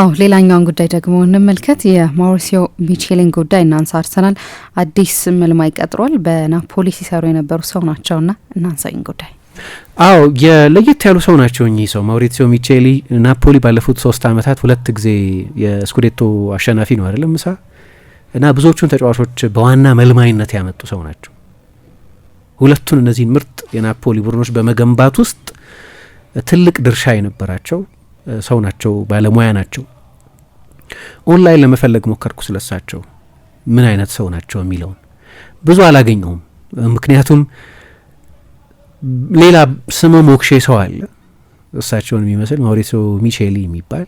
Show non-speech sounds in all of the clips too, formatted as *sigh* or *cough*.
አዎ ሌላኛውን ጉዳይ ደግሞ እንመልከት። የማውሪሲዮ ሚቼሊን ጉዳይ እናንሳ። አርሰናል አዲስ መልማይ ቀጥሯል። በናፖሊ ሲሰሩ የነበሩ ሰው ና እናንሳኝ ጉዳይ አዎ የለየት ያሉ ሰው ናቸው እኚህ ሰው ማውሪሲዮ ሚቼሊ። ናፖሊ ባለፉት ሶስት አመታት ሁለት ጊዜ የስኩዴቶ አሸናፊ ነው አይደለም ምሳ እና ብዙዎቹን ተጫዋቾች በዋና መልማይነት ያመጡ ሰው ናቸው። ሁለቱን እነዚህ ምርጥ የናፖሊ ቡድኖች በመገንባት ውስጥ ትልቅ ድርሻ የነበራቸው ሰው ናቸው፣ ባለሙያ ናቸው። ኦንላይን ለመፈለግ ሞከርኩ ስለሳቸው ምን አይነት ሰው ናቸው የሚለውን ብዙ አላገኘውም። ምክንያቱም ሌላ ስመ ሞክሼ ሰው አለ እሳቸውን የሚመስል ማውሪሲዮ ሚቼሊ የሚባል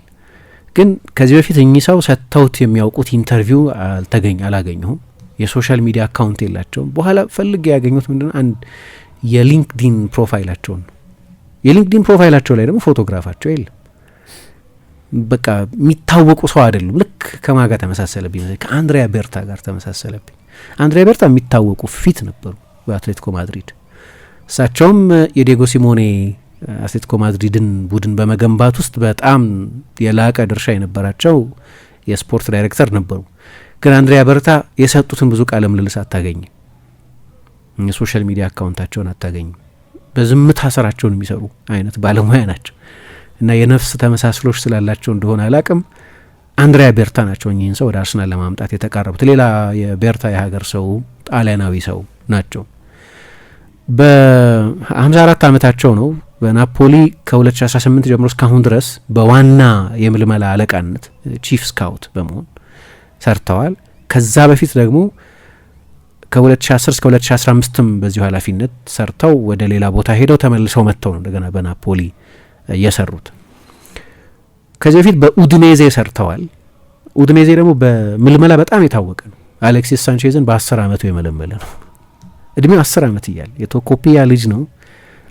ግን ከዚህ በፊት እኚህ ሰው ሰጥተውት የሚያውቁት ኢንተርቪው አልተገኝ አላገኘሁም። የሶሻል ሚዲያ አካውንት የላቸውም። በኋላ ፈልጌ ያገኙት ምንድነው አንድ የሊንክዲን ፕሮፋይላቸውን ነው። የሊንክዲን ፕሮፋይላቸው ላይ ደግሞ ፎቶግራፋቸው የለም። በቃ የሚታወቁ ሰው አይደሉም። ልክ ከማጋ ተመሳሰለብኝ፣ ከአንድሪያ ቤርታ ጋር ተመሳሰለብኝ። አንድሪያ ቤርታ የሚታወቁ ፊት ነበሩ በአትሌቲኮ ማድሪድ። እሳቸውም የዴጎ ሲሞኔ አትሌቲኮ ማድሪድን ቡድን በመገንባት ውስጥ በጣም የላቀ ድርሻ የነበራቸው የስፖርት ዳይሬክተር ነበሩ። ግን አንድሪያ በርታ የሰጡትን ብዙ ቃለ ምልልስ አታገኝም። የሶሻል ሚዲያ አካውንታቸውን አታገኝም። በዝምታ ስራቸውን የሚሰሩ አይነት ባለሙያ ናቸው። እና የነፍስ ተመሳስሎች ስላላቸው እንደሆነ አላቅም አንድሪያ ቤርታ ናቸው እኚህን ሰው ወደ አርሰናል ለማምጣት የተቃረቡት። ሌላ የቤርታ የሀገር ሰው ጣሊያናዊ ሰው ናቸው። በ54 ዓመታቸው ነው በናፖሊ ከ2018 ጀምሮ እስካሁን ድረስ በዋና የምልመላ አለቃነት ቺፍ ስካውት በመሆን ሰርተዋል። ከዛ በፊት ደግሞ ከ2010 እስከ 2015ም በዚሁ ኃላፊነት ሰርተው ወደ ሌላ ቦታ ሄደው ተመልሰው መጥተው ነው እንደገና በናፖሊ የሰሩት። ከዚህ በፊት በኡድኔዜ ሰርተዋል። ኡድኔዜ ደግሞ በምልመላ በጣም የታወቀ ነው። አሌክሲስ ሳንቼዝን በአስር አመቱ የመለመለ ነው። እድሜው አስር አመት እያለ የቶኮፒያ ልጅ ነው።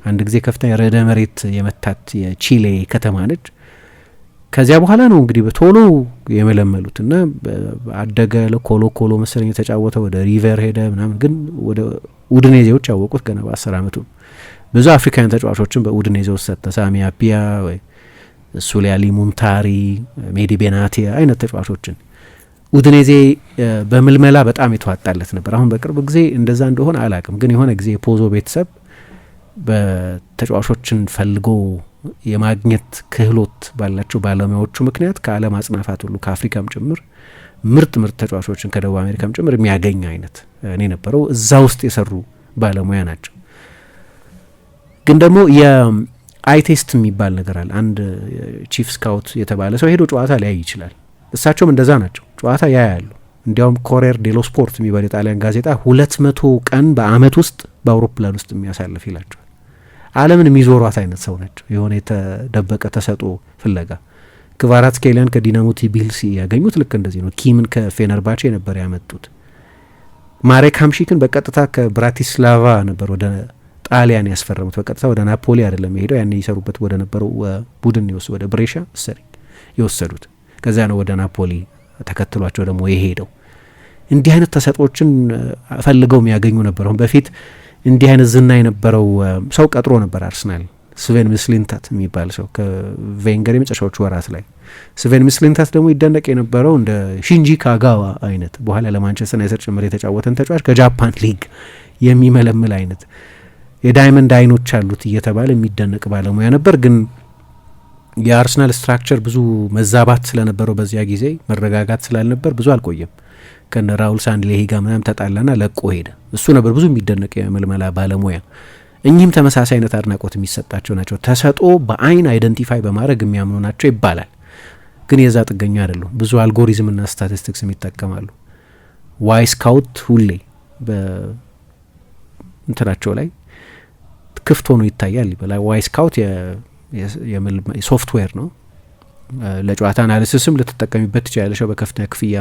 አንድ ጊዜ ከፍተኛ ርዕደ መሬት የመታት የቺሌ ከተማ ነች። ከዚያ በኋላ ነው እንግዲህ በቶሎ የመለመሉት እና አደገ። ለኮሎ ኮሎ መሰለኝ የተጫወተው ወደ ሪቨር ሄደ ምናምን፣ ግን ወደ ኡድኔዜዎች ያወቁት ገና በአስር አመቱ። ብዙ አፍሪካውያን ተጫዋቾችን በኡድኔዜ ውስጥ ሰጠ። ሳሚ ወይ ሱሊያሊ ሙንታሪ፣ ሜዲ ቤናቴ አይነት ተጫዋቾችን ኡድኔዜ በምልመላ በጣም የተዋጣለት ነበር። አሁን በቅርብ ጊዜ እንደዛ እንደሆነ አላቅም፣ ግን የሆነ ጊዜ የፖዞ ቤተሰብ በተጫዋቾችን ፈልጎ የማግኘት ክህሎት ባላቸው ባለሙያዎቹ ምክንያት ከዓለም አጽናፋት ሁሉ ከአፍሪካም ጭምር ምርጥ ምርጥ ተጫዋቾችን ከደቡብ አሜሪካም ጭምር የሚያገኝ አይነት እኔ ነበረው እዛ ውስጥ የሰሩ ባለሙያ ናቸው። ግን ደግሞ አይ ቴስት የሚባል ነገር አለ። አንድ ቺፍ ስካውት የተባለ ሰው ሄዶ ጨዋታ ሊያይ ይችላል። እሳቸውም እንደዛ ናቸው፣ ጨዋታ ያያሉ። እንዲያውም ኮሬር ዴሎ ስፖርት የሚባል የጣሊያን ጋዜጣ ሁለት መቶ ቀን በአመት ውስጥ በአውሮፕላን ውስጥ የሚያሳልፍ ይላቸዋል። አለምን የሚዞሯት አይነት ሰው ናቸው። የሆነ የተደበቀ ተሰጦ ፍለጋ ክቫራትስኬሊያን ከዲናሞ ትቢሊሲ ያገኙት ልክ እንደዚህ ነው። ኪምን ከፌነርባቼ ነበር ያመጡት። ማሬክ ሀምሺክን በቀጥታ ከብራቲስላቫ ነበር ወደ ጣሊያን ያስፈረሙት። በቀጥታ ወደ ናፖሊ አይደለም የሄደው፣ ያን የሰሩበት ወደ ነበረው ቡድን ይወስ ወደ ብሬሻ ሰሪ የወሰዱት። ከዚያ ነው ወደ ናፖሊ ተከትሏቸው ደግሞ የሄደው። እንዲህ አይነት ተሰጦችን ፈልገው የሚያገኙ ነበር። አሁን በፊት እንዲህ አይነት ዝና የነበረው ሰው ቀጥሮ ነበር አርስናል ስቬን ምስሊንታት የሚባል ሰው ከቬንገር የመጨረሻዎቹ ወራት ላይ ስቬን ምስሊንታት ደግሞ ይደነቅ የነበረው እንደ ሺንጂ ካጋዋ አይነት በኋላ ለማንቸስተር ዩናይትድ ጭምር የተጫወተን ተጫዋች ከጃፓን ሊግ የሚመለምል አይነት የዳይመንድ አይኖች አሉት እየተባለ የሚደነቅ ባለሙያ ነበር። ግን የአርሰናል ስትራክቸር ብዙ መዛባት ስለነበረው በዚያ ጊዜ መረጋጋት ስላልነበር ብዙ አልቆየም። ከነ ራውል ሳንድሌሂ ጋር ምናም ተጣላና ለቆ ሄደ። እሱ ነበር ብዙ የሚደነቅ የመልመላ ባለሙያ። እኚህም ተመሳሳይ አይነት አድናቆት የሚሰጣቸው ናቸው። ተሰጦ በአይን አይደንቲፋይ በማድረግ የሚያምኑ ናቸው ይባላል። ግን የዛ ጥገኛ አይደሉም። ብዙ አልጎሪዝምና ስታቲስቲክስም ይጠቀማሉ። ዋይ ስካውት ሁሌ በእንትናቸው ላይ ክፍት ሆኖ ይታያል ይበላል። ዋይ ስካውት ሶፍትዌር ነው። ለጨዋታ አናሊሲስም ልትጠቀሚበት ትችላለሽ። በከፍተኛ ክፍያ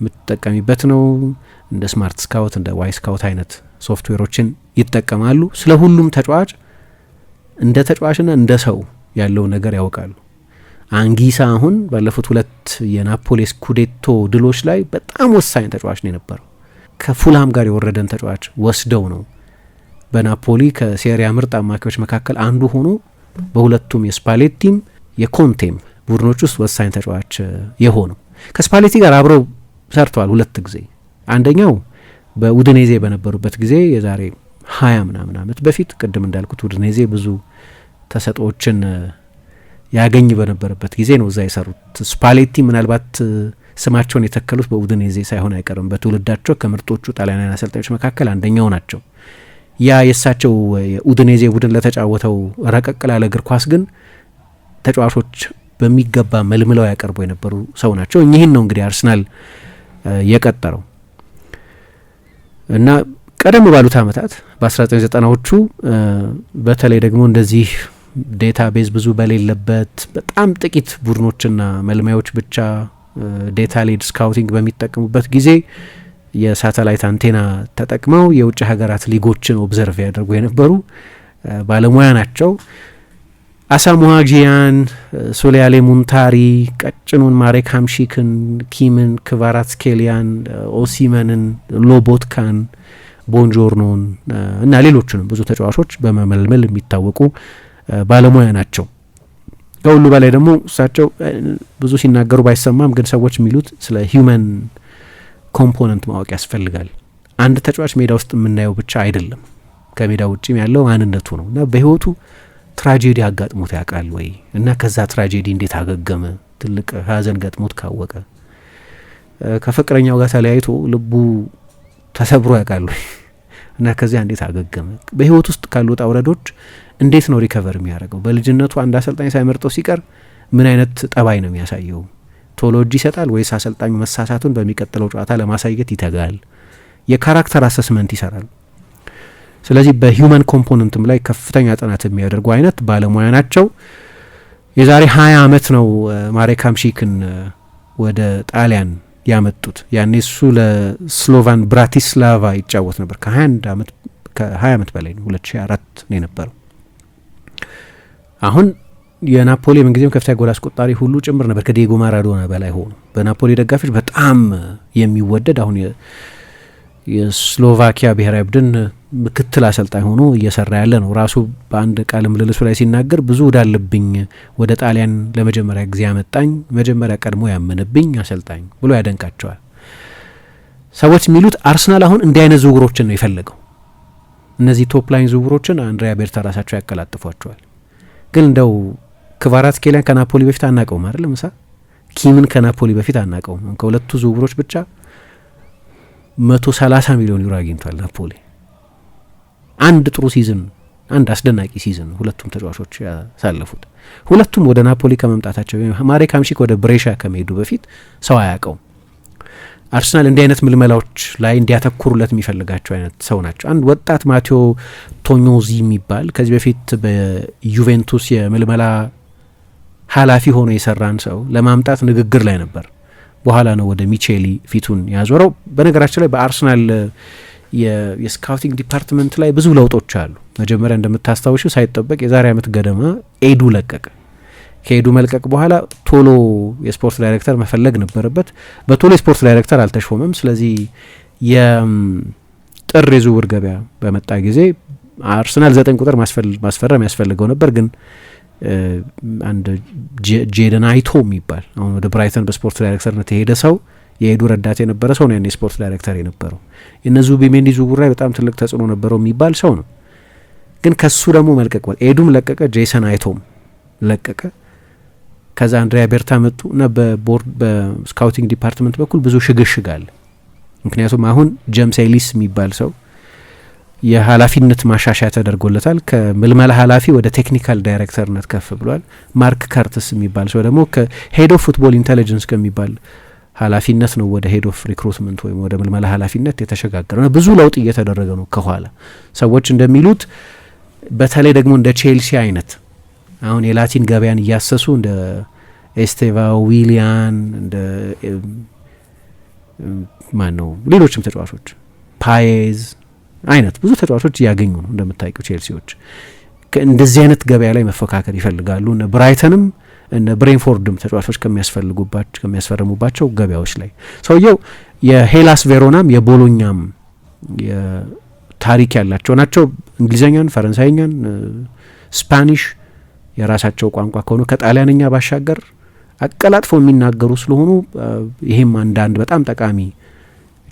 የምትጠቀሚበት ነው። እንደ ስማርት ስካውት እንደ ዋይ ስካውት አይነት ሶፍትዌሮችን ይጠቀማሉ። ስለ ሁሉም ተጫዋች እንደ ተጫዋችና እንደ ሰው ያለው ነገር ያውቃሉ። አንጊሳ አሁን ባለፉት ሁለት የናፖሊ ስኩዴቶ ድሎች ላይ በጣም ወሳኝ ተጫዋች ነው የነበረው። ከፉልሃም ጋር የወረደን ተጫዋች ወስደው ነው በናፖሊ ከሴሪያ ምርጥ አማካዮች መካከል አንዱ ሆኖ በሁለቱም የስፓሌቲም የኮንቴም ቡድኖች ውስጥ ወሳኝ ተጫዋች የሆነው ከስፓሌቲ ጋር አብረው ሰርተዋል ሁለት ጊዜ። አንደኛው በኡድኔዜ በነበሩበት ጊዜ የዛሬ ሀያ ምናምን ዓመት በፊት ቅድም እንዳልኩት ኡድኔዜ ብዙ ተሰጥኦችን ያገኝ በነበረበት ጊዜ ነው እዛ የሰሩት። ስፓሌቲ ምናልባት ስማቸውን የተከሉት በኡድኔዜ ሳይሆን አይቀርም። በትውልዳቸው ከምርጦቹ ጣሊያናውያን አሰልጣኞች መካከል አንደኛው ናቸው። ያ የእሳቸው ኡድኔዜ ቡድን ለተጫወተው ረቀቅ ላለ እግር ኳስ ግን ተጫዋቾች በሚገባ መልምለው ያቀርቡ የነበሩ ሰው ናቸው። እኚህን ነው እንግዲህ አርሰናል የቀጠረው እና ቀደም ባሉት አመታት በ1990ዎቹ በተለይ ደግሞ እንደዚህ ዴታ ቤዝ ብዙ በሌለበት በጣም ጥቂት ቡድኖችና መልማዮች ብቻ ዴታ ሌድ ስካውቲንግ በሚጠቀሙበት ጊዜ የሳተላይት አንቴና ተጠቅመው የውጭ ሀገራት ሊጎችን ኦብዘርቭ ያደርጉ የነበሩ ባለሙያ ናቸው። አሳሞሃጂያን፣ ሱሊያሌ ሙንታሪ፣ ቀጭኑን ማሬክ ሀምሺክን፣ ኪምን፣ ክቫራትስኬሊያን፣ ኦሲመንን፣ ሎቦትካን፣ ቦንጆርኖን እና ሌሎቹንም ብዙ ተጫዋቾች በመመልመል የሚታወቁ ባለሙያ ናቸው። ከሁሉ በላይ ደግሞ እሳቸው ብዙ ሲናገሩ ባይሰማም ግን ሰዎች የሚሉት ስለ ሂውመን ኮምፖነንት ማወቅ ያስፈልጋል። አንድ ተጫዋች ሜዳ ውስጥ የምናየው ብቻ አይደለም፣ ከሜዳ ውጭም ያለው ማንነቱ ነው እና በህይወቱ ትራጀዲ አጋጥሞት ያውቃል ወይ እና ከዛ ትራጀዲ እንዴት አገገመ? ትልቅ ሀዘን ገጥሞት ካወቀ ከፍቅረኛው ጋር ተለያይቶ ልቡ ተሰብሮ ያውቃል ወይ *laughs* እና ከዚያ እንዴት አገገመ? በህይወት ውስጥ ካሉ ውጣ ውረዶች እንዴት ነው ሪከቨር የሚያደርገው? በልጅነቱ አንድ አሰልጣኝ ሳይመርጠው ሲቀር ምን አይነት ጠባይ ነው የሚያሳየው? ቶሎ እጅ ይሰጣል ወይስ አሰልጣኙ መሳሳቱን በሚቀጥለው ጨዋታ ለማሳየት ይተጋል? የካራክተር አሰስመንት ይሰራል። ስለዚህ በሂውመን ኮምፖነንትም ላይ ከፍተኛ ጥናት የሚያደርጉ አይነት ባለሙያ ናቸው። የዛሬ ሀያ አመት ነው ማሬ ካምሺክን ወደ ጣሊያን ያመጡት። ያኔ እሱ ለስሎቫን ብራቲስላቫ ይጫወት ነበር። ከ21 አመት ከ20 አመት በላይ ነው። 2004 ነው የነበረው አሁን የናፖሊ ምንጊዜም ከፍተኛ ጎል አስቆጣሪ ሁሉ ጭምር ነበር፣ ከዲየጎ ማራዶና በላይ ሆኖ በናፖሊ ደጋፊዎች በጣም የሚወደድ አሁን የስሎቫኪያ ብሔራዊ ቡድን ምክትል አሰልጣኝ ሆኖ እየሰራ ያለ ነው። ራሱ በአንድ ቃለ ምልልሱ ላይ ሲናገር ብዙ እዳለብኝ ወደ ጣሊያን ለመጀመሪያ ጊዜ ያመጣኝ መጀመሪያ ቀድሞ ያመነብኝ አሰልጣኝ ብሎ ያደንቃቸዋል። ሰዎች የሚሉት አርሰናል አሁን እንዲህ አይነት ዝውውሮችን ነው የፈለገው። እነዚህ ቶፕ ላይን ዝውውሮችን አንድሪያ ቤርታ ራሳቸው ያቀላጥፏቸዋል። ግን እንደው ክቫራትስኬሊያን ከናፖሊ በፊት አናቀውም አይደለም ምሳ ኪምን ከናፖሊ በፊት አናቀውም። ከሁለቱ ዝውውሮች ብቻ መቶ ሰላሳ ሚሊዮን ዩሮ አግኝቷል ናፖሊ። አንድ ጥሩ ሲዝን፣ አንድ አስደናቂ ሲዝን ሁለቱም ተጫዋቾች ያሳለፉት። ሁለቱም ወደ ናፖሊ ከመምጣታቸው ማሬ ካምሺክ ወደ ብሬሻ ከመሄዱ በፊት ሰው አያውቀውም። አርሰናል እንዲህ አይነት ምልመላዎች ላይ እንዲያተኩሩለት የሚፈልጋቸው አይነት ሰው ናቸው። አንድ ወጣት ማቴዎ ቶኞዚ የሚባል ከዚህ በፊት በዩቬንቱስ የምልመላ ኃላፊ ሆኖ የሰራን ሰው ለማምጣት ንግግር ላይ ነበር። በኋላ ነው ወደ ሚቼሊ ፊቱን ያዞረው። በነገራችን ላይ በአርሰናል የስካውቲንግ ዲፓርትመንት ላይ ብዙ ለውጦች አሉ። መጀመሪያ እንደምታስታውሽው ሳይጠበቅ የዛሬ ዓመት ገደማ ኤዱ ለቀቀ። ከኤዱ መልቀቅ በኋላ ቶሎ የስፖርት ዳይሬክተር መፈለግ ነበረበት። በቶሎ የስፖርት ዳይሬክተር አልተሾመም። ስለዚህ የጥር የዝውውር ገበያ በመጣ ጊዜ አርሰናል ዘጠኝ ቁጥር ማስፈረም ያስፈልገው ነበር ግን አንድ ጄደን አይቶ የሚባል አሁን ወደ ብራይተን በስፖርት ዳይሬክተርነት የሄደ ሰው የሄዱ ረዳት የነበረ ሰው ነው። ያኔ የስፖርት ዳይሬክተር የነበረው የነዙ ቢሜንዲ ዝውውር ላይ በጣም ትልቅ ተጽዕኖ ነበረው የሚባል ሰው ነው። ግን ከሱ ደግሞ መልቀቅ ኤዱም ለቀቀ፣ ጄሰን አይቶም ለቀቀ። ከዛ አንድሪያ ቤርታ መጡ እና በቦርድ በስካውቲንግ ዲፓርትመንት በኩል ብዙ ሽግሽግ አለ። ምክንያቱም አሁን ጀምስ ኤሊስ የሚባል ሰው የኃላፊነት ማሻሻያ ተደርጎለታል። ከምልመላ ኃላፊ ወደ ቴክኒካል ዳይሬክተርነት ከፍ ብሏል። ማርክ ካርትስ የሚባል ሰው ደግሞ ከሄድ ኦፍ ፉትቦል ኢንቴሊጀንስ ከሚባል ኃላፊነት ነው ወደ ሄድ ኦፍ ሪክሩትመንት ወይም ወደ ምልመላ ኃላፊነት የተሸጋገረ ብዙ ለውጥ እየተደረገ ነው። ከኋላ ሰዎች እንደሚሉት በተለይ ደግሞ እንደ ቼልሲ አይነት አሁን የላቲን ገበያን እያሰሱ እንደ ኤስቴቫ ዊሊያን እንደ ማን ነው ሌሎችም ተጫዋቾች ፓዬዝ አይነት ብዙ ተጫዋቾች እያገኙ ነው። እንደምታውቂው ቼልሲዎች እንደዚህ አይነት ገበያ ላይ መፈካከር ይፈልጋሉ። እነ ብራይተንም እነ ብሬንፎርድም ተጫዋቾች ከሚያስፈልጉባቸው ከሚያስፈርሙባቸው ገበያዎች ላይ ሰውየው የሄላስ ቬሮናም የቦሎኛም ታሪክ ያላቸው ናቸው። እንግሊዝኛን፣ ፈረንሳይኛን፣ ስፓኒሽ የራሳቸው ቋንቋ ከሆኑ ከጣሊያንኛ ባሻገር አቀላጥፎ የሚናገሩ ስለሆኑ ይሄም አንዳንድ በጣም ጠቃሚ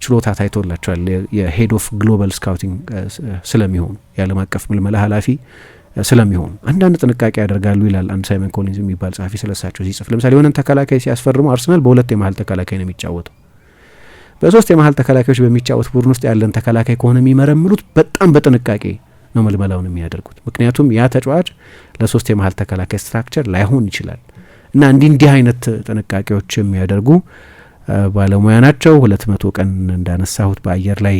ችሎታ ታይቶላቸዋል። የሄድ ኦፍ ግሎባል ስካውቲንግ ስለሚሆኑ የዓለም አቀፍ ምልመላ ኃላፊ ስለሚሆኑ አንዳንድ ጥንቃቄ ያደርጋሉ ይላል አንድ ሳይመን ኮሊንዝ የሚባል ጸሐፊ ስለሳቸው ሲጽፍ። ለምሳሌ የሆነን ተከላካይ ሲያስፈርሙ አርሰናል በሁለት የመሀል ተከላካይ ነው የሚጫወተው። በሶስት የመሀል ተከላካዮች በሚጫወት ቡድን ውስጥ ያለን ተከላካይ ከሆነ የሚመረምሉት በጣም በጥንቃቄ ነው ምልመላውን የሚያደርጉት። ምክንያቱም ያ ተጫዋች ለሶስት የመሀል ተከላካይ ስትራክቸር ላይሆን ይችላል እና እንዲህ እንዲህ አይነት ጥንቃቄዎች የሚያደርጉ ባለሙያ ናቸው። ሁለት መቶ ቀን እንዳነሳሁት በአየር ላይ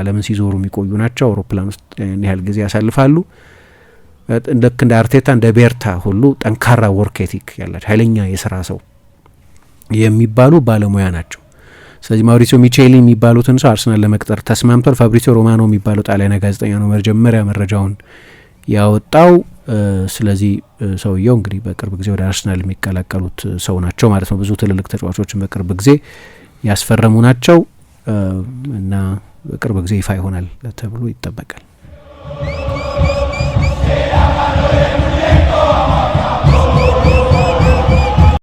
ዓለምን ሲዞሩ የሚቆዩ ናቸው። አውሮፕላን ውስጥ ያን ያህል ጊዜ ያሳልፋሉ። ልክ እንደ አርቴታ እንደ ቤርታ ሁሉ ጠንካራ ወርክ ኤቲክ ያላቸው ኃይለኛ የስራ ሰው የሚባሉ ባለሙያ ናቸው። ስለዚህ ማውሪሲዮ ሚቼሊ የሚባሉትን ሰው አርሰናል ለመቅጠር ተስማምቷል። ፋብሪሲዮ ሮማኖ የሚባለው ጣሊያና ጋዜጠኛ ነው መጀመሪያ መረጃውን ያወጣው። ስለዚህ ሰውየው እንግዲህ በቅርብ ጊዜ ወደ አርሰናል የሚቀላቀሉት ሰው ናቸው ማለት ነው። ብዙ ትልልቅ ተጫዋቾችን በቅርብ ጊዜ ያስፈረሙ ናቸው እና በቅርብ ጊዜ ይፋ ይሆናል ተብሎ ይጠበቃል።